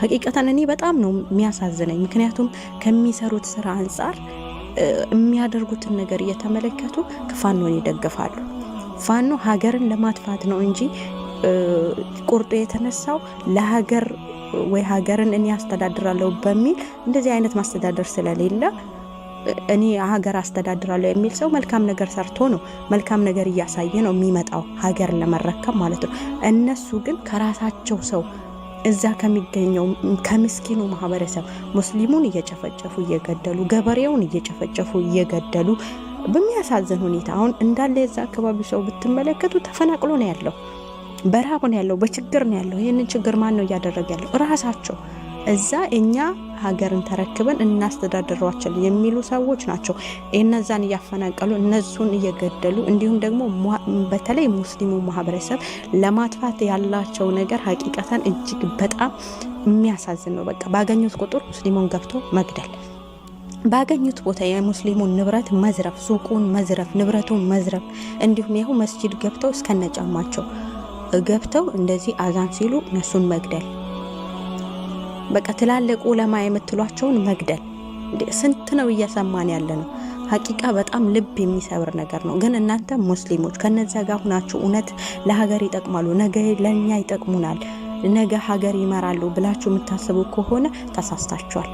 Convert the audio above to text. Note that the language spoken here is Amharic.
ሀቂቀተን እኔ በጣም ነው የሚያሳዝነኝ። ምክንያቱም ከሚሰሩት ስራ አንጻር የሚያደርጉትን ነገር እየተመለከቱ ፋኖን ይደግፋሉ። ፋኖ ሀገርን ለማጥፋት ነው እንጂ ቁርጦ የተነሳው ለሀገር ወይ ሀገርን እኔ አስተዳድራለሁ በሚል እንደዚህ አይነት ማስተዳደር ስለሌለ እኔ ሀገር አስተዳድራለሁ የሚል ሰው መልካም ነገር ሰርቶ ነው መልካም ነገር እያሳየ ነው የሚመጣው ሀገር ለመረከብ ማለት ነው። እነሱ ግን ከራሳቸው ሰው እዛ ከሚገኘው ከምስኪኑ ማህበረሰብ ሙስሊሙን እየጨፈጨፉ እየገደሉ ገበሬውን እየጨፈጨፉ እየገደሉ በሚያሳዝን ሁኔታ አሁን እንዳለ የዛ አካባቢ ሰው ብትመለከቱ ተፈናቅሎ ነው ያለው፣ በረሃብ ነው ያለው፣ በችግር ነው ያለው። ይህንን ችግር ማን ነው እያደረገ ያለው? እራሳቸው እዛ እኛ ሀገርን ተረክበን እናስተዳድሯቸዋለን የሚሉ ሰዎች ናቸው እነዛን እያፈናቀሉ እነሱን እየገደሉ እንዲሁም ደግሞ በተለይ ሙስሊሙ ማህበረሰብ ለማጥፋት ያላቸው ነገር ሀቂቀተን እጅግ በጣም የሚያሳዝን ነው። በቃ ባገኙት ቁጥር ሙስሊሙን ገብቶ መግደል ባገኙት ቦታ የሙስሊሙን ንብረት መዝረፍ፣ ሱቁን መዝረፍ፣ ንብረቱን መዝረፍ እንዲሁም ያው መስጂድ ገብተው እስከነጫማቸው ገብተው እንደዚህ አዛን ሲሉ እነሱን መግደል በቃ ትላልቅ ዑለማ የምትሏቸውን መግደል ስንት ነው እያሰማን ያለ ነው። ሀቂቃ በጣም ልብ የሚሰብር ነገር ነው። ግን እናንተ ሙስሊሞች ከነዚያ ጋር ሁናችሁ እውነት ለሀገር ይጠቅማሉ፣ ነገ ለእኛ ይጠቅሙናል፣ ነገ ሀገር ይመራሉ ብላችሁ የምታስቡ ከሆነ ተሳስታችኋል።